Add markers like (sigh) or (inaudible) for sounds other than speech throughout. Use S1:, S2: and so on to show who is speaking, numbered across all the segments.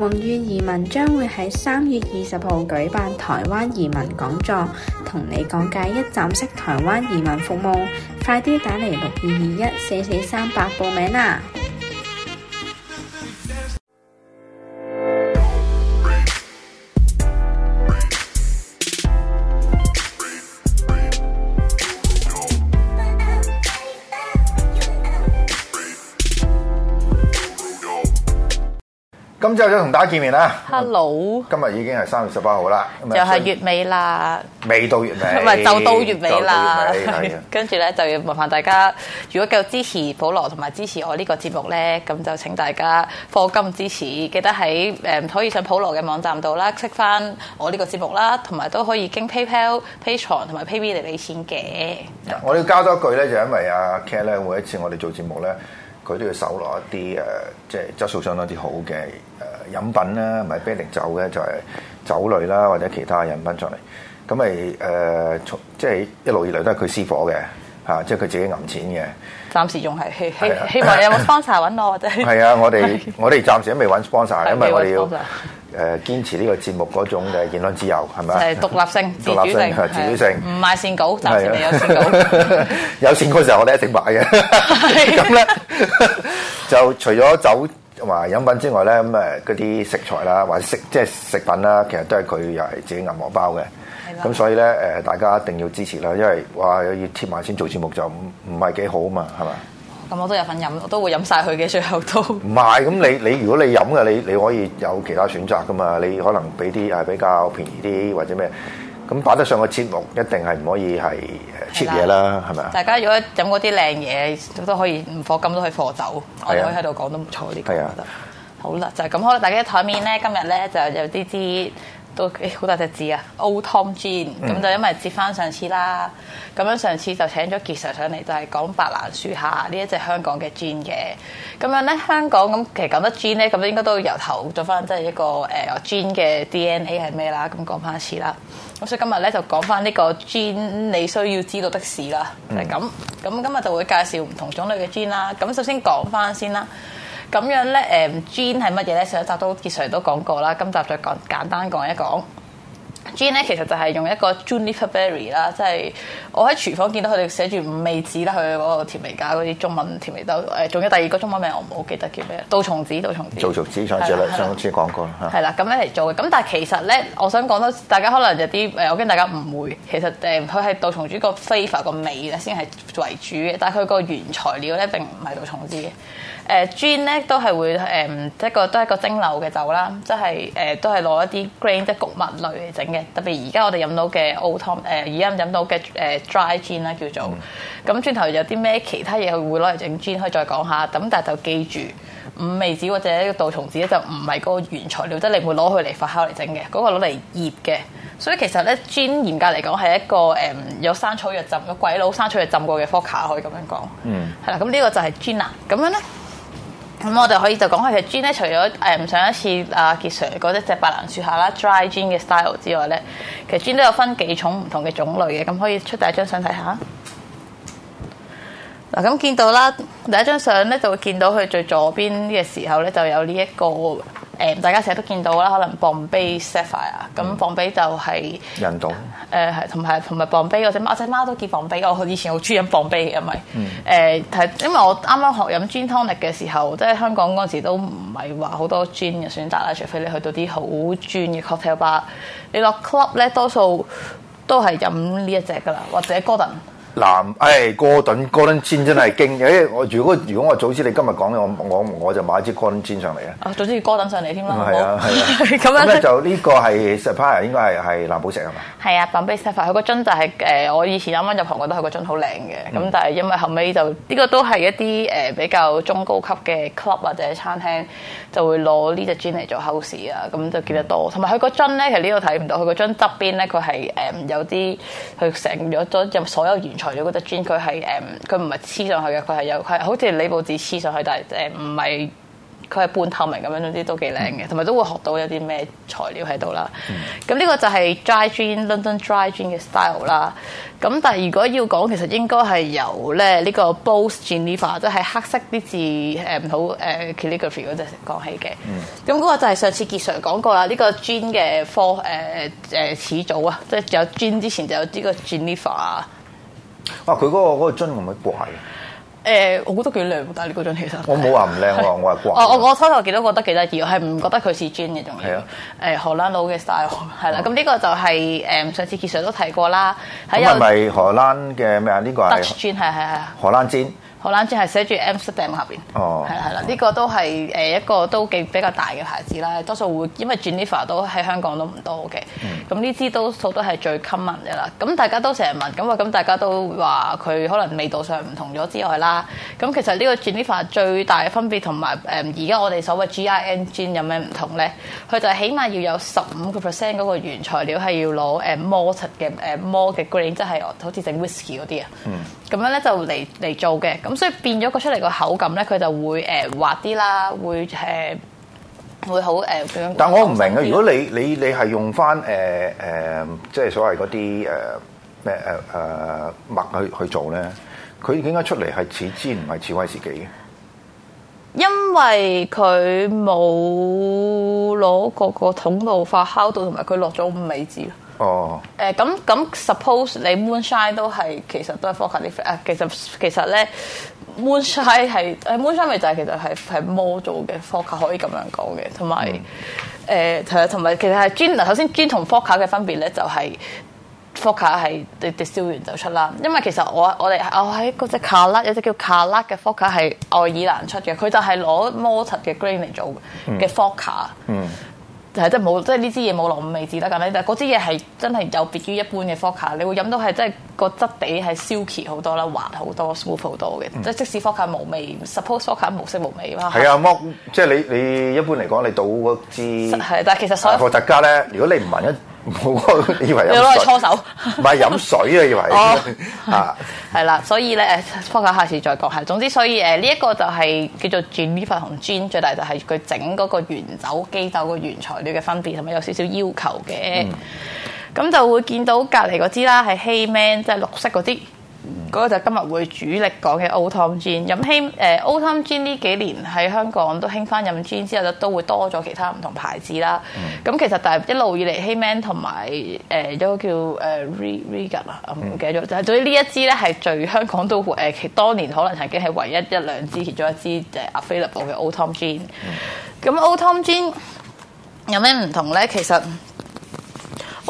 S1: 宏譽移民將會喺三月二十號舉辦台灣移民講座，同你講解一站式台灣移民服務，快啲打嚟六二二一四四三八報名啦！
S2: 咁之後想同大家見面啦。Hello，今日已經係三月十八號啦，就係月
S1: 尾啦。
S2: 以未到月尾，唔係 (laughs) 就到月尾啦。
S1: 跟住咧就要麻煩大家，如果繼續支持保羅同埋支持我呢個節目咧，咁就請大家課金支持，記得喺、呃、可以上保羅嘅網站度啦，識翻我呢個節目啦，同埋都可以經 PayPal、Patreon 同埋 PayMe 嚟俾錢嘅。
S2: 我要加多一句咧，就因為阿 Cat 咧，每一次我哋做節目咧。佢都要搜羅一啲誒，即係質素相當啲好嘅誒飲品啦，唔係啤酒嘅就係、是、酒類啦，或者其他飲品出嚟。咁咪誒，從即係一路以來都係佢私伙嘅吓，即係佢自己揞錢嘅。
S1: 暫時仲係希希希望你有冇 sponsor 揾我或者？係 (laughs) 啊，我哋
S2: (laughs) 我哋暫時都未揾 sponsor 因為我哋要。 (laughs) 誒堅持呢個節目嗰種嘅言論自由係咪啊？係獨
S1: 立性、自主性、自主性，唔賣線稿，暫時未有線稿。
S2: 有線嗰時候我哋一定買嘅。咁咧就除咗酒同埋飲品之外咧，咁誒嗰啲食材啦，或者食即係食品啦，其實都係佢又係自己銀荷包嘅。咁所以咧誒，大家一定要支持啦，因為哇要貼埋先做節目就唔唔係幾好啊嘛，係嘛？
S1: 咁我都有份飲，我都會飲晒佢嘅最後都。唔
S2: 係，咁你你如果你飲嘅，你你可以有其他選擇㗎嘛？你可能俾啲係比較便宜啲或者咩？咁擺得上個節目，一定係唔可以係 cheap 嘢啦，係咪啊？大
S1: 家如果飲嗰啲靚嘢，都可以唔貨金都去貨走，我都可以喺度講都唔錯啲。係啊，得。好啦，就係咁好啦，大家喺台面咧，今日咧就有啲啲。好、哎、大隻字啊！Old Tom Gin 咁就因為接翻上次啦，咁樣上次就請咗傑 Sir 上嚟，就係、是、講白蘭樹下呢一隻香港嘅 Gin 嘅。咁樣咧香港咁其實講得 Gin 咧，咁應該都由頭做翻即係一個誒 Gin 嘅 DNA 係咩啦？咁講翻一次啦。咁所以今日咧就講翻呢個 Gin 你需要知道的事啦，就咁、是。咁今日就會介紹唔同種類嘅 Gin 啦。咁首先講翻先啦。咁樣咧，誒 Gin 係乜嘢咧？上一集都結上都講過啦，今集再講簡單講一講。Gin 咧其實就係用一個 Juniper Berry 啦，即係我喺廚房見到佢哋寫住五味子啦，佢嗰個甜味加嗰啲中文甜味豆誒，仲、呃、有第二個中文名我唔好記得叫咩？杜松子，杜松子。杜松
S2: 子上節啦，上
S1: 節講過啦係啦，咁了樣嚟做嘅。咁但係其實咧，我想講多，大家可能有啲誒，我驚大家誤會。其實誒，佢係杜松子個 flavor 個味咧先係為主嘅，但係佢個原材料咧並唔係杜松子嘅。誒堅咧都係會誒一個都係一個蒸餾嘅酒啦，即係誒、呃、都係攞一啲 grain 即係谷物類嚟整嘅。特別而家我哋飲到嘅 Old Tom 誒，而家飲到嘅誒 dry gin 啦叫做。咁、嗯、轉頭有啲咩其他嘢會攞嚟整 Gin 可以再講下。咁但係就記住五味子或者杜松子就唔係嗰個原材料，即係你唔會攞佢嚟發酵嚟整嘅，嗰、嗰個攞嚟醃嘅。所以其實咧 Gin 嚴格嚟講係一個誒、嗯、有生草藥浸嘅鬼佬生草藥浸過嘅伏卡可以咁樣講。嗯。係啦，咁呢個就係堅啦。咁樣咧。咁我哋可以就講下其實 gin 咧，除咗誒、嗯、上一次阿、啊、傑 Sir 嗰隻白蘭樹下啦、mm hmm. dry gin 嘅 style 之外咧，其實 gin 都有分幾種唔同嘅種類嘅，咁可以出第一張相睇下。嗱，咁見到啦，第一張相咧就會見到佢最左邊嘅時候咧就有呢、這、一個誒、嗯，大家成日都見到啦，可能 Bombay Sapphire 啊，咁 Bombay 就係印度。誒係，同埋同埋 Bombay，或者貓，隻貓都叫 Bombay。我以前好中意飲 Bombay，係咪？誒、嗯，係、呃、因為我啱啱學飲氈湯力嘅時候，即係香港嗰陣時都唔係話好多氈嘅選擇啦，除非你去到啲好專嘅 cocktail bar，你落 club 咧多數都係飲呢一隻噶啦，或者 Gordon
S2: 藍誒，哥、哎、頓哥頓煎真係勁嘅。我如果如果我早知你今日講咧，我我我就買一支哥頓煎上嚟啊！啊，
S1: 早知哥頓上嚟添啦。係啊，係啊，咁樣。咧就
S2: 呢個係 Sapphire，應該係藍寶石係嘛？
S1: 係啊，Bombay Sapphire，佢個樽就係、是、誒，我以前啱啱入行都覺得佢個樽好靚嘅。咁但係因為後尾就呢、這個都係一啲誒比較中高級嘅 club 或者餐廳就會攞呢隻樽嚟做 house 啊，咁就見得多。同埋佢個樽咧，其實呢度睇唔到，佢個樽側邊咧，佢係誒有啲佢成咗咗入所有原材料。嗰隻 gin 佢係誒，佢唔係黐上去嘅，佢係有，係好似你部字黐上去，但係誒唔係，佢係半透明咁樣，uman，總之都幾靚嘅，同埋、嗯、都會學到有啲咩材料喺度啦。咁呢、嗯、個就係 dry gin London dry gin 嘅 style 啦。咁、嗯、但係如果要講，其實應該係由咧呢、呢個 Bols Genever 即係黑色啲字誒，唔好誒、uh, calligraphy 嗰隻講起嘅。咁嗰、嗯、個就係上次傑 Sir 講過啦。呢、呢個 gin 嘅科誒誒始祖啊，即係有 gin 之前就有呢個 Genever
S2: 哇！佢嗰、啊嗰個樽有冇啲怪、欸？
S1: 我覺得幾靚，但係呢個樽其實我冇話唔靚，我話
S2: 我係怪。我我
S1: 初頭見到覺得幾得意，係唔覺得佢似樽嘅仲係啊，荷蘭佬嘅 style 係啦。咁呢的個就係、誒、上次傑 Sir 都提過啦。係咪
S2: 荷蘭嘅咩啊？呢個係荷蘭樽。這個
S1: 好啦，即係寫住 Amsterdam 下邊，
S2: 係啦係啦，呢的、嗯、
S1: 個都係一個都幾比較大嘅牌子啦。多數會因為 Genever 都喺香港都唔多嘅，咁呢支多數都係最 common 嘅啦。咁大家都成日問，咁啊咁大家都話佢可能味道上唔同咗之外啦，咁其實呢個 Genever 最大嘅分別同埋誒而家我哋所謂 G I N gin 有咩唔同咧？佢就起碼要有十五個 percent 嗰個原材料係要攞 mort 嘅誒摩嘅 grain 即係好似整 whisky 嗰啲啊。嗯咁樣咧就嚟嚟做嘅，咁所以變咗個出嚟個口感咧，佢就會、呃、滑啲啦，會、呃、會好誒點樣、呃、但我唔
S2: 明啊，嗯、如果你你你係用翻、呃呃、即係所謂嗰啲誒咩誒麥去去做咧，佢點解出嚟係似芝唔係似威士忌
S1: 嘅？因為佢冇攞個個桶度發酵到，同埋佢落咗五味子。哦，咁咁 suppose 你 moonshine 都係其實都係 focus 啊，其實其實咧 moonshine 係 moonshine 咪就係其實係係魔做嘅 focus 可以咁樣講嘅，同埋啊，同埋、嗯呃、其實係 g n 首先 g n 同 focus 嘅分別咧就係 focus 係啲啲消完就出啦，因為其實我我哋我喺嗰隻 c 有隻叫卡 a 嘅 focus 係愛爾蘭出嘅，佢就係攞 m 魔質嘅 g r a i n 嚟做嘅 focus。嗯就係即係冇，即係呢支嘢冇落五味子得咁咩？但係嗰支嘢係真係有別於一般嘅伏特加，你會飲到係真係個質地係 silky 好多啦，滑好多，smooth 好多嘅。嗯、即係即使伏特加無味，suppose 伏特加、er、無色無味嘛。係啊，剝
S2: 哈哈 即係你你一般嚟講，你倒嗰支伏特加咧，如果你唔聞一。我 (laughs) 以為你要攞嚟搓手。唔係飲水啊！以為
S1: 啊，係啦， (laughs) 所以咧，放假下次再講。係，總之所以誒，呢、這、一個就係叫做 Geneva 同 Gin，最大就係佢整嗰個原酒機走個原材料嘅分別，同埋有少少要求嘅。咁、mm. 就會見到隔離嗰支啦，係 He Man，即係綠色嗰啲。嗰、嗯、個就係今日會主力講嘅 Old Tom Gin。咁興誒 Old Tom Gin 呢幾年喺香港都興翻飲 Gin 之後咧，都會多咗其他唔同牌子啦。咁、嗯、其實但係一路以嚟，Heyman 同埋誒、呃、一個叫誒、呃呃、Re Reg 啊，唔、嗯、記得咗，就係、是、對於呢一支咧係最香港都誒其當年可能曾經係唯一一兩支，其中一支誒 Available 嘅 Old Tom Gin、嗯。咁 Old Tom Gin 有咩唔同咧？其實。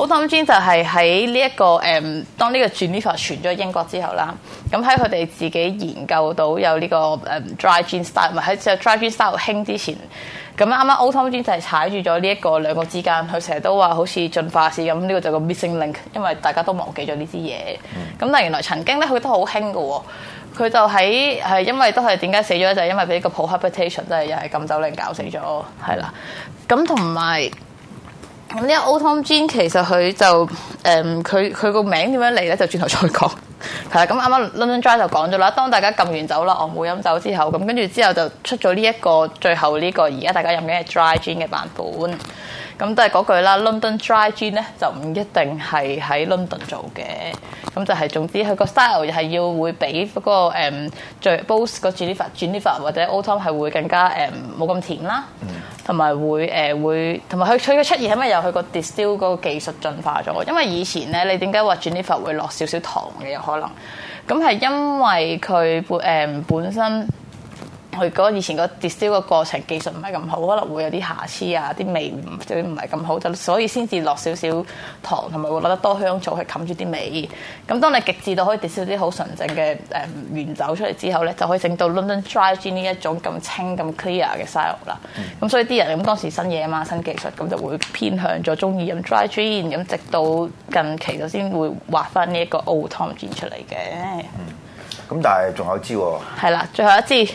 S1: Old Tom Gin 就係喺呢一個誒，當呢個 Genever 傳咗去英國之後啦，咁喺佢哋自己研究到有呢個誒 dry gin style，唔係喺就 dry gin style 興之前，咁啱啱 Old Tom Gin 就係踩住咗呢一個兩個之間，佢成日都話好似進化史咁，呢個就是個 missing link，因為大家都忘記咗呢啲嘢。咁、嗯、但原來曾經咧，佢都好興嘅喎。佢就喺係因為都係點解死咗就係、是、因為俾一個 prohibition，即係又係禁酒令搞死咗，係啦。咁同埋。咁呢個 Old Tom Gin 其實佢就誒佢佢個名點樣嚟咧？就轉頭再講。係、嗯、啦，咁啱啱 London Dry 就講咗啦。當大家撳完酒啦，我唔會飲酒之後，咁跟住之後就出咗呢一個最後呢、這個而家大家飲緊嘅 Dry Gin 嘅版本。咁都係嗰句啦，London Dry Gin 咧就唔一定係喺 London 做嘅，咁就係總之佢個 style 又係要會比嗰個最 b o s t、嗯、s 個 Giniva Giniva 或者 Old Tom 係會更加冇咁、嗯、甜啦，同埋會會，同埋佢佢嘅出現係咪由佢個 distill 嗰個技術進化咗？因為以前咧你點解話 Giniva 會落少少糖嘅有可能？咁係因為佢、呃、本身。佢嗰以前個 distill 個過程技術唔係咁好，可能會有啲瑕疵啊，啲味唔最唔係咁好，就所以先至落少少糖同埋會落得多香草去冚住啲味。咁當你極致到可以 distill 啲好純正嘅誒原酒出嚟之後咧，就可以整到 London Dry Gin 呢一種咁清咁 clear 嘅 style 啦。咁、嗯、所以啲人咁當時新嘢嘛，新技術咁就會偏向咗中意飲 Dry Gin。咁直到近期就先會畫翻呢一個 Old Tom Gin 出嚟嘅。
S2: 嗯，咁但係仲有支。
S1: 係啦，最後一支。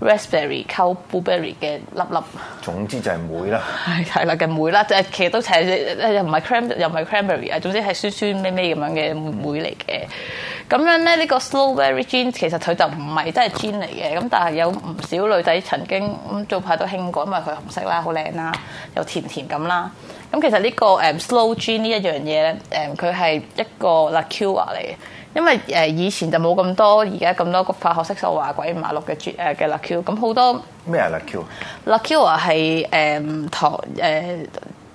S1: raspberry 溝 blueberry 嘅粒粒，
S2: 總之就係梅啦，
S1: 係啦嘅梅啦，其實都係又唔係 cran 又唔係 cranberry 啊，總之係酸酸咩咩咁樣嘅梅嚟嘅。咁樣咧，呢個 sloe berry gin 其實佢就唔係真係 gin 嚟嘅，咁但係有唔少女仔曾經咁早排都興過，因為佢紅色啦，好靚啦，又甜甜咁啦。咁其實呢個誒 sloe gin 呢一樣嘢咧，誒佢係一個 liqueur 嚟。因為誒以前就冇咁多，而家咁多化學色素華鬼馬六嘅誒嘅檸翹，咁好多咩啊檸翹？檸翹係誒糖誒、呃、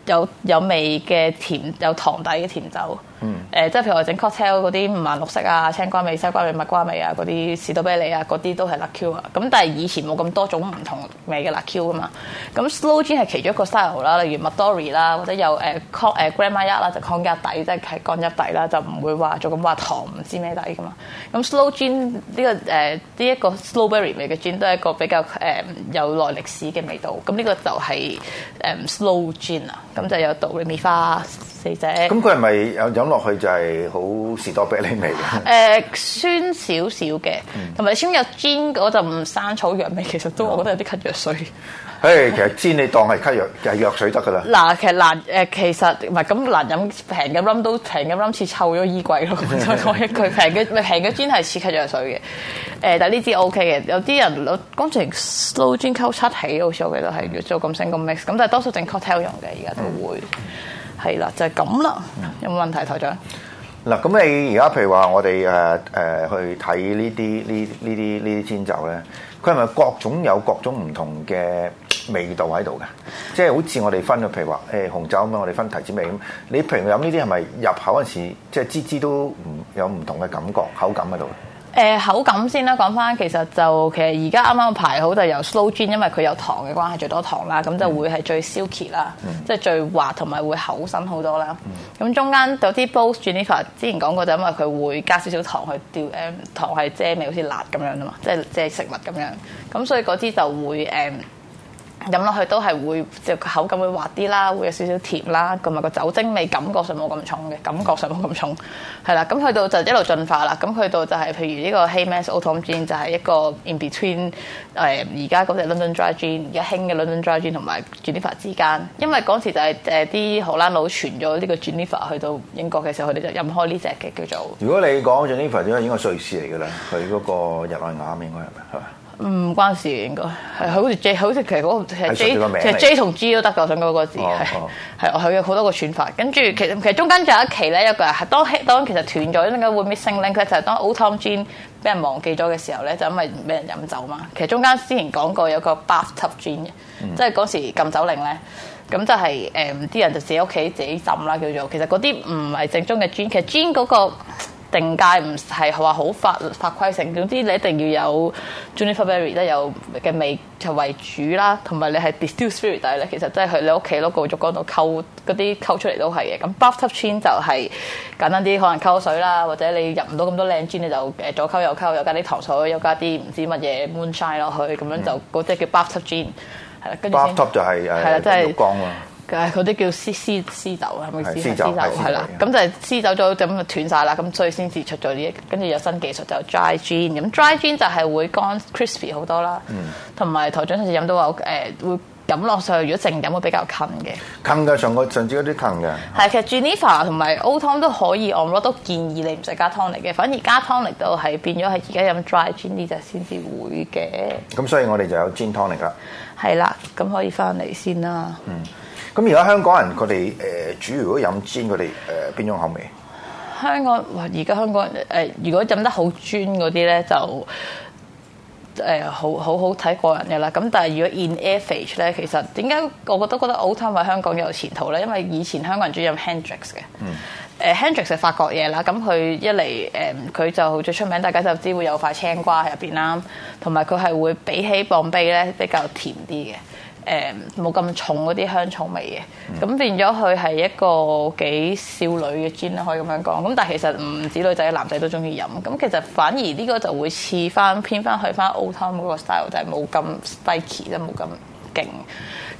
S1: 有有味嘅甜，有糖底嘅甜酒。誒、嗯呃、即係譬如我整 cocktail 嗰啲五顏六色啊、青瓜味、西瓜味、蜜瓜味啊、嗰啲士多啤梨啊、嗰啲都係 liqueur 啊，咁但係以前冇咁多種唔同嘅味嘅 liqueur 啊嘛。咁 sloe gin 係其中一個 style 啦，例如 Midori 啦，或者有誒、uh, Grand Marnier 啦，就康、是、家底即係干邑底啦，就唔會話做咁話糖唔知咩底噶嘛。咁 sloe gin 呢、這個誒呢一個 sloe berry 味嘅 gin 都係一個比較誒、呃、有耐歷史嘅味道。咁呢個就係、是、誒、呃、sloe gin 啊，咁就有杜蕾斯花。四隻，咁佢係
S2: 咪飲飲落去就係好士多啤梨味嘅？
S1: 誒、呃、酸少少嘅，同埋先有尖嗰陣唔生草藥味。其實都我覺得有啲咳藥水。
S2: 誒、哦， (laughs) 其實煎你當係咳藥就係 (laughs) 藥水得噶啦。
S1: 嗱、呃，其實難誒、呃，其實唔係咁難飲平嘅冧都平嘅冧似臭咗衣櫃咯。再講一句，平嘅唔平嘅尖係似咳藥水嘅。誒、呃，但呢支 O K 嘅，有啲人我剛才 slow gin k 勾七起，好少記得係做咁升咁 mix，咁但係多數整 cocktail 用嘅而家都會。嗯嗯。係啦，就係咁啦，有冇問題，台長？
S2: 嗱、嗯，咁你而家譬如話，我哋誒誒去睇呢啲呢呢啲呢啲煎酒咧，佢係咪各種有各種唔同嘅味道喺度嘅？即係好似我哋分啊，譬如話誒、欸、紅酒咁樣，我哋分提子味咁。你譬如飲呢啲係咪入口嗰陣時，即係支支都唔有唔同嘅感覺、口感喺度？
S1: 誒、呃、口感先啦，講翻其實就其實而家啱啱排好就由 slow gin，因為佢有糖嘅關係，最多糖啦，咁就會係最 silky 啦，hmm. 即係最滑同埋會厚身好多啦。咁、mm hmm. 中間有啲 Bols Genever 之前講過，就因為佢會加少少糖去調、嗯、糖係遮味，好似辣咁樣嘛，即係即係食物咁樣。咁所以嗰啲就會、嗯飲落去都係會，就個口感會滑啲啦，會有少少甜啦，同埋個酒精味感覺上冇咁重嘅，感覺上冇咁重，係啦。咁去到就一路進化啦。咁去到就係、就是、譬如呢個 Hayman's Old Tom Gin 就係一個 in between 誒、呃、而家嗰隻 London Dry Gin 而家興嘅 London Dry Gin 同埋 Jenever 之間，因為嗰時就係誒啲荷蘭佬傳咗呢個 Jenever 去到英國嘅時候，佢哋就飲開呢隻嘅叫做。
S2: 如果你講 Jenever，應該，應該係瑞士嚟㗎啦，佢嗰個日內瓦應該係咪？
S1: 唔關事，應該係好似 J，好似其實嗰、那個，個名其實 J，其實 J 同 G 都得嘅。我想講嗰個字係係，佢、哦哦、有好多個選法。跟住其實其實中間仲有一期咧，一個人係當其實斷咗，因為會 missing link。佢就係當 Old Tom Gin 俾人忘記咗嘅時候咧，就因為俾人飲酒嘛。其實中間之前講過有個 bathtub Gin 嘅，即係嗰時禁酒令咧，咁就係誒啲人就自己屋企自己浸啦叫做。其實嗰啲唔係正宗嘅 Gin，其實 Gin 嗰、那個。定界唔係話好法法規性，總之你一定要有 Juniper Berry 咧，有嘅味就為主啦，同埋你係 Distilled Spirit 咧，其實即係去你屋企攞個浴缸度溝嗰啲溝出嚟都係嘅。咁 Bathtub Gin 就係簡單啲，可能溝水啦，或者你入唔到咁多靚 gin，你就左溝右溝，又加啲糖水，又加啲唔知乜嘢 Moonshine 落去，咁樣就嗰隻叫 Bathtub Gin，啦、嗯，跟住。Bathtub 就
S2: 係係啦，即係浴缸
S1: 嗰啲叫撕撕撕豆，啊，係咪意思啊？豆，走係啦，咁就係撕走咗，咁就斷晒啦。咁所以先至出咗呢一，跟住有新技術就 dry gin 咁、嗯、，dry gin 就係會乾 crispy 好多啦。同埋台長上次飲都話誒會飲落上去，如果淨飲會比較近嘅，
S2: 近嘅上過上次嗰啲近嘅。
S1: 係是是其實 Genever 同埋 Old Tom 都可以，我唔多建議你唔使加湯力嘅，反而加湯力到係變咗係而家飲 dry gin 呢，就先至會
S2: 嘅。咁所以我哋就有 gin 湯力噶。係啦，咁可以翻嚟先啦。嗯。咁而家香港人佢哋誒，主要如果飲煎，佢哋誒，邊種口味？
S1: 香港哇！而家香港人誒、呃，如果飲得好專嗰啲咧，就誒、呃、好好好睇過人嘅啦。咁但係如果 in F H 咧，其實點解我覺得我都覺得 Old Tom 喺香港有前途咧？因為以前香港人主要飲 Hendrick's 嘅，誒、嗯呃、Hendrick's 係法國嘢啦。咁佢一嚟誒，佢、呃、就最出名，大家就知會有塊青瓜喺入邊啦，同埋佢係會比起 Bombay 咧比較甜啲嘅。誒冇咁重嗰啲香草味嘅，咁、嗯、變咗佢係一個幾少女嘅 Gin 啦，可以咁樣講。咁但係其實唔止女仔，男仔都中意飲。咁其實反而呢個就會似翻偏翻去翻 Old Tom 嗰個 style，就係冇咁 spiky 啦，冇咁。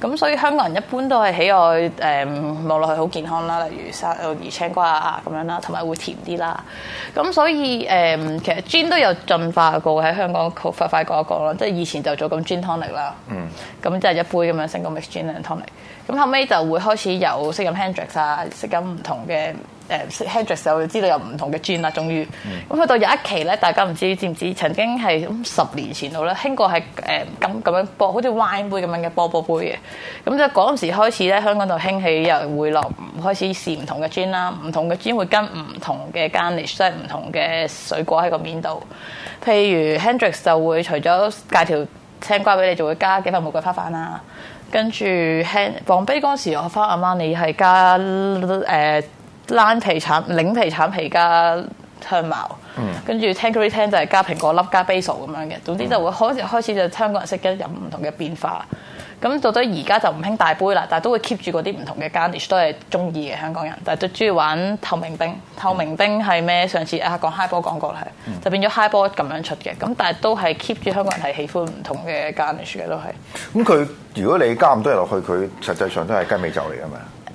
S1: 咁，所以香港人一般都係喜愛誒望落去好健康啦，例如生例如青瓜啊，咁樣啦，同、啊、埋會甜啲啦。咁所以誒、嗯，其實 Gin 都有進化過喺香港快快講一講啦，即係以前就做咁 Gin Tonic 啦、嗯，咁即係一杯咁樣 Single Mix Gin and Tonic，咁後尾就會開始有識飲 hendrix 啊，識飲唔同嘅。誒 Hendrix 就知道有唔同嘅氈啦。終於咁去、嗯、到有一期咧，大家唔知道知唔知曾經係十年前度咧興過係誒咁咁樣波，好似 wine 杯咁樣嘅波波杯嘅。咁就嗰陣時開始咧，香港就興起又回落，開始試唔同嘅氈啦，唔同嘅氈會跟唔同嘅 garnish，即係唔同嘅水果喺個面度。譬如 Hendrix 就會除咗戒條青瓜俾你，就會加幾份玫瑰花瓣粉，跟住 Hang 放杯嗰陣時我，我翻阿媽，你係加誒。呃爛皮橙檸皮橙皮加香茅，嗯、跟住 Tanqueray 就係加蘋果粒加 basil 咁樣嘅，總之就會開始就、嗯、香港人識得飲唔同嘅變化。咁到底而家就唔興大杯啦，但都會 keep 住嗰啲唔同嘅 garnish 都係中意嘅香港人，但係都中意玩透明冰。透明冰係咩？上次啊講 highball 講過、嗯、就變咗 highball 咁樣出嘅。咁但係都係 keep 住香港人係喜歡唔同嘅 garnish 嘅都係、嗯。
S2: 咁佢如果你加咁多嘢落去，佢實際上都係雞尾酒嚟㗎嘛。